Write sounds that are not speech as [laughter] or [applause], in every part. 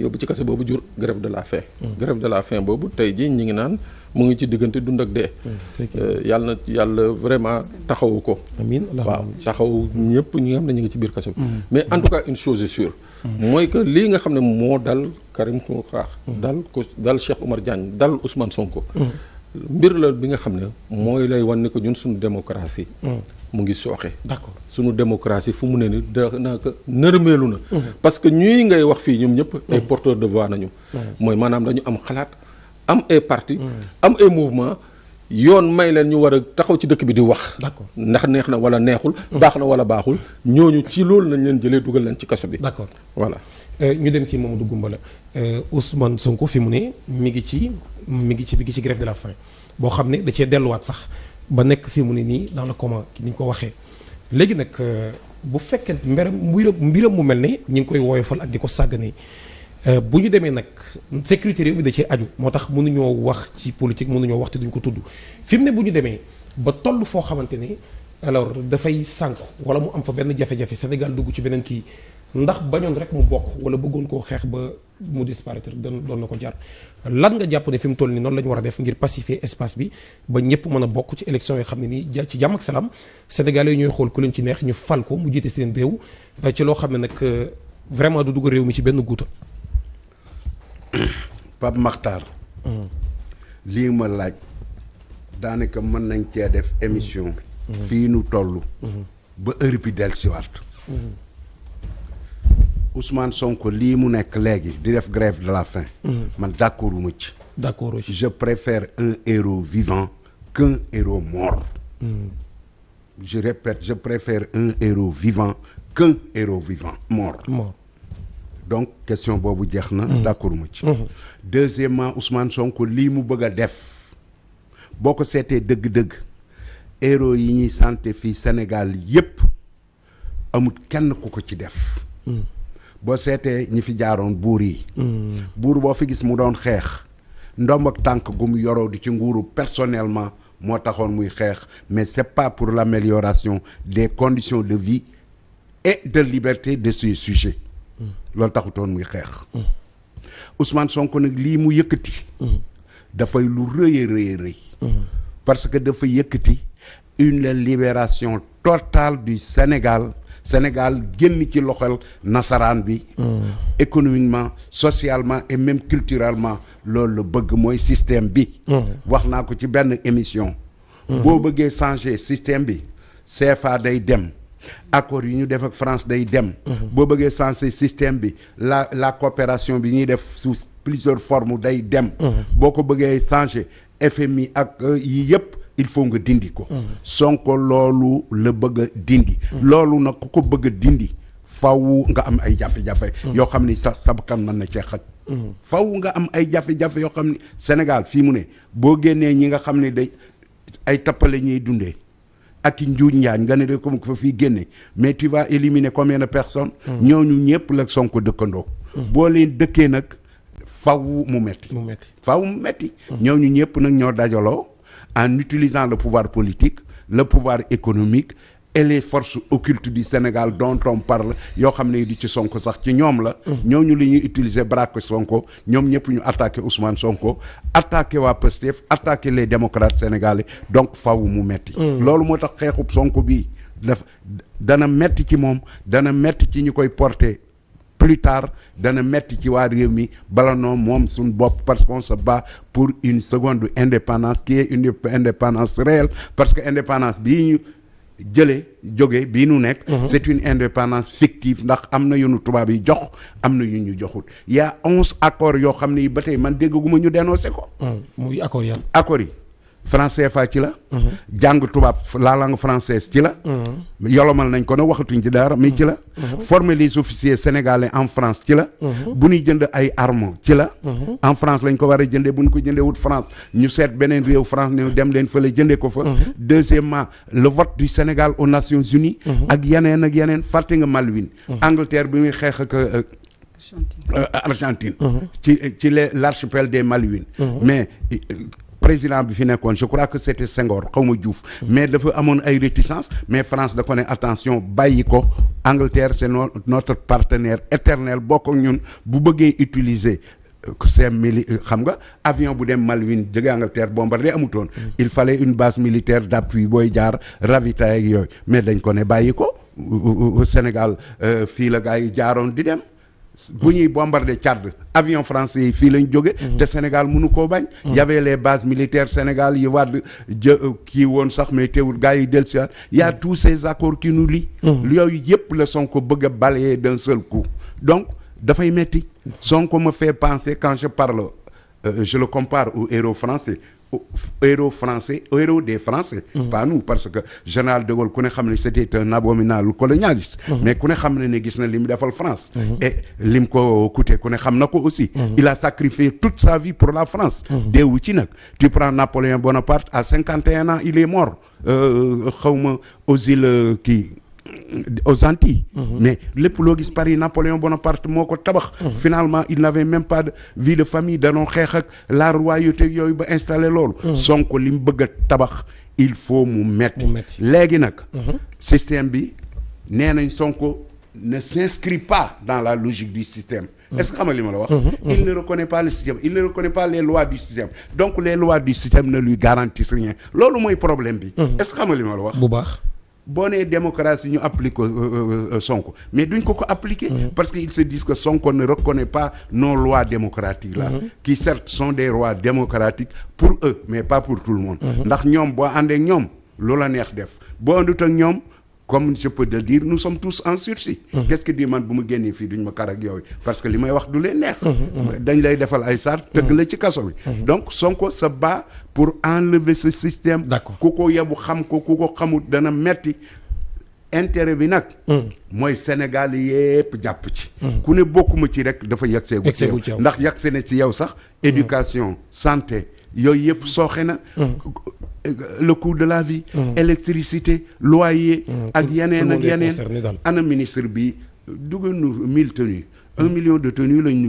yóbbu ci kase boobu jur grève de la faim mm. grève de la faim boobu tey jii ñi ngi naan mu ngi ci diggante dund ak dee mm, euh, yàlla na vraiment taxawu ko amiin waaw taxaw ñëpp ñi nga xam ne ñu ngi ci biir kase bi mm. mais en tout cas une chose mooy que lii nga xam ne moo dal Karim Xoox dal ko dal Cheikh Oumar Diagne dal Ousmane Sonko mbir la bi nga xam ne mooy lay wan ni ko ñun suñu démocratie mu ngi sooxe. d'accord sunu démocratie fu mu ne nii da naka nërmeelu na. Mhm. parce que ñuy ngay wax fii ñoom ñëpp. ay mhm. porteurs de voix nañu. mooy maanaam dañu am xalaat am ay parti am ay mouvement yoon may leen ñu war a taxaw ci dëkk bi di wax. d'accord ndax neex na wala neexul. Mhm. baax na wala baaxul ñooñu ci loolu lañ leen jëlee dugal leen ci kaso bi. d'accord voilà. Euh, ñu dem ci moom Mamadou Goumbala euh, Ousmane Sonko fi mu ne mi ngi ci mi ngi ci mi ci grève de la faim boo xam ne da cee delluwaat sax. ba nekk fi mu ne nii dans le coma ni ñu ko waxee léegi nag euh, bu fekkente mbiram mbiram mu mel ni ñu ngi koy woyofal ak di ko sàggane euh, bu ñu demee nag sécurité réew mi da cee aju moo tax mënuñoo wax ci politique mënuñoo wax te duñ ko tudd fi mu ne bu ñu demee ba toll foo xamante ni alors dafay sànku wala mu am fa benn jafe-jafe Sénégal dugg ci beneen kii ndax bañoon rek mu bokk wala bëggoon koo xeex ba. mu disparaître doon na ko jar lan nga jàpp ne fi mu toll nii noonu la war a def ngir pacifier espace bi ba ñëpp mën a bokk ci élection yoo xam ne nii ci jàmm ak salaam sénégalais yi ñooy xool ku leen ci neex ñu fal ko mu jiite seen réew euh, ci loo xam ne nag euh, vraiment du dugg réew mi ci benn guuta [coughs] Pape Makhtar hmm. lii ma laaj daanaka mën nañ cee def émission hmm. fii nu toll hmm. ba heure bi dellusiwaat Ousmane Sonko lii mu nekk léegi di def grève de la faim. Mhm. man d' d' accord je préfère un héros vivant qu'un héros mort. Mhm. je répète je préfère un question boobu jeex na. Mhm. d' accord mu ci. deuxièmement Ousmane lii mu bëgg a def boo ko seetee dëgg-dëgg héros yi ñuy santé fii Sénégal yépp amut kenn ku ko ci def. boo seetee ñi fi jaaroon buur yi buur boo fi gis mu doon xeex ndoom ak tànk gu mu yoroo di ci nguuru personnellement moo taxoon muy xeex mais c'est pas pour l'amélioration des conditions de vie et de liberté de ces sujets loolu taxutoon muy xeex Ousmane Sonko nag lii mu yëkkati dafay lu rëy a rëy rëy parce que dafa yëkkati une libération totale du Sénégal Sénégal génn ci loxol nasaraan bi. Mm. économiquement socialement et même culturellement loolu la bëgg mooy système bi. Mm. wax naa ko ci benn émission. Mm. boo bëggee changer système bi CFA day dem. accord yi ñu def ak France day dem. -hmm. boo bëggee changer système bi la la coopération bi ñuy def sous plusieurs formes day dem. -hmm. boo ko bëggee changer FMI ak euh, yi yëpp. il faut nga dindi ko mm-hmm. Sonko loolu la bëgg a dindi mm-hmm. loolu nag ku ko bëgg a dindi faw nga am ay jafe-jafe mm-hmm. yoo xam ni sa sabkan mën na cee xaj faw nga am ay jafe-jafe yoo xam ni Sénégal fii mu ne boo génnee ñi nga xam ne da ay tappale ñuy dundee ak i njuuñ njaañ nga ne de comme fa fii génne mais tu vas éliminer combien de personnes ñooñu ñëpp la sonk dëkkandoo boo leen dëkkee nag faw mu metti faw mu metti ñooñu ñëpp nag ñoo dajaloo en utilisant le pouvoir politique le pouvoir économique et les forces occultes du Sénégal dont on parle yoo xam ne di ci Sonko sax ci ñoom la. ñooñu li ñuy utiliser braque Sonko ñoom ñëpp ñu attaqué Ousmane Sonko attaqué waa Pastef attaqué les démocrates sénégalais donc faaw mu metti hmm. loolu moo tax xeexub Sonko bi daf dana metti ci moom dana metti ci ñu koy porter. plus tard dana metti ci waa réew mi bala noo moom suñ bopp parce qu'on sa baax pour une seconde indépendance qui est une indépendance réelle parce que indépendance bii ñu jëlee jóge bii nu nekk mhm. c'est une indépendance fictive ndax am na yu tubaab yi jox am na yu ñu joxul y'a onze accords yoo xam ne yi ba tey man déggaguma ñu dénoncé ko mm, muy accord yi franc CFA ci la. Mhm. jàng tubaab la langue française ci la. Mhm. yolomal nañ ko ne waxatuñ ci dara mi ci la. Mhm. former les officiers sénégalais en France ci la. bu ñuy jënd ay armes ci la. en France lañ ko war a jëndee bu ñu ko jëndee wut France ñu seet beneen réew France ne dem leen fële jëndee ko fa. deuxièmement le vote du Sénégal aux Nations Unies. ak yeneen ak yeneen fàtte nga Malouine. Angleterre bi muy xeex ak. Euh, Argentine. Euh, ci ci l'archipel de Malouines. mais président bi fi nekkoon je crois que c' était Senghor xaw ma Diouf mais dafa amoon ay réticence mais France da ko ne attention bàyyi ko Angleterre c' est notre partenaire éternel bokk ak ñun bu bëggee utiliser euh, c'est mili euh, xam nga avion bu dem mal Malouine jóge Angleterre bombardé amutoon il fallait une base militaire d'appui booy jaar ravitaille ak yooyu mais dañ ko ne bàyyi ko Sénégal euh, fii la gars jaaroon di dem bu ñuy bombardé Tchad avion français yi fii lañ jóge mhm. te Sénégal mënu koo bañ mhm. y avait les bases Sénégal yi Wade jë euh, kii woon sax mais teewul gars yi del siwaat y mhm. tous ces accords qui nous lient yooyu yëpp la Sonko bëgg a balayer d'un seul coup donc dafay metti Sonko ma fait penser quand je parle euh, je le compare au héros français héros français héros des français mm -hmm. pas nous parce que général de Gaulle ku ne xam ne c'était un abominable colonialiste mm -hmm. mais ku ne xam ne gis na li defal France mm-hmm. et li ko coûté ku ne na ko aussi mm-hmm. il a sacrifié toute sa vie pour la France mm-hmm. deewu ci nag tu prends Napoléon Bonaparte à cinquante un ans il est mort euh, xawma aux îles euh, kii aux Antilles. Mhm. mais lépp loo gis Paris Napoléon Bonaparte moo ko tabax. Mhm. finalement il n'avait même pas de vie de famille danoon xeex ak la royauté yooyu ba installé loolu. Mhm. Sonko li mu bëgg a tabax il faut mu metti léegi nag. système bi nee nañ Sonko ne s'inscrit pas dans la logique du système. est-ce que xam li ma la wax. il ne reconnaît pas le système il ne reconnaît pas les lois du système donc les lois du système ne lui garantissent rien loolu mooy problème bi. est-ce boo nee démocratie ñu applique ko euh, euh, euh, Sonko mais duñ ko ko appliquer. Mm-hmm. parce que il se disent que Sonko ne reconnaît pas nos lois démocratiques la mm-hmm. qui certes son des lois démocratiques pour eux mais pas pour tout le monde. Mm-hmm. ndax ñoom boo àndee ñoom ñoom la neex def boo àndut ak ñoom. comme je peux le dire nous sommes tous en sursis. Mhm. qu'est-ce di man bu mu génnee fii duñ ma kar ak yooyu parce que li may wax du leen neex. Mhm, mhm. dañ lay defal ay sar tëgg la ci kaso bi. donc Sonko sa bat pour enlever ce système. d'accord ku ko yebu xam ko ku ko xamut dana metti intérêt bi nag. mooy Sénégal yépp jàpp ci. ku ne bokkuma ci rek dafa yegg seegu ci yow ndax yegg se ne ci yow sax. éducation santé yooyu yépp sooxe na. Euh, le coût de la vie mmh. électricité loyer mmh, ak yeneen ak yeneen ana ministre bi dugal nu mille tenues un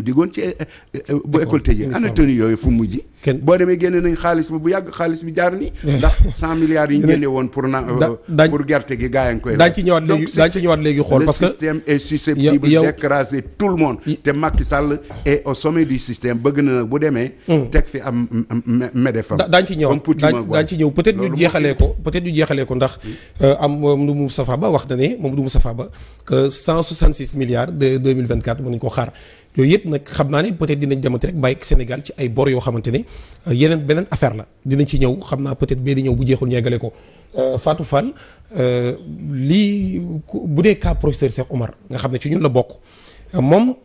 diggoon ci eh, eh, eh, bu école tëjee ana tenues yooyu fu mujj boo demee génne nañ xaalis bi bu yàgg xaalis bi jaar ni [laughs] ndax cent milliards yi ñu génne woon pour na euh, pour gerte gi gaa yi koy daañ ci ci ñëwaat léegi xool parce que le système est le monde te Macky hmm. ci ñëwaat daañ ci ñëw peut être ñu jeexalee ko peut être ñu jeexalee ko ndax hmm. euh, Ba wax na ne Mamadou Moustapha Ba cent soixante six milliards deux mille vingt quatre ko xaar yooyu yëpp nag xam naa ne peut-être dinañ demante rek bàyyi Sénégal ci ay bor yoo xamante ne euh, yeneen beneen affaire la dinañ ci ñëw xam naa peut-être bee di ñëw bu jeexul ñeegale ko euh, Fatou Fall euh, lii bu dee cas professeur Cheikh Omar nga xam ne ci ñun la bokk moom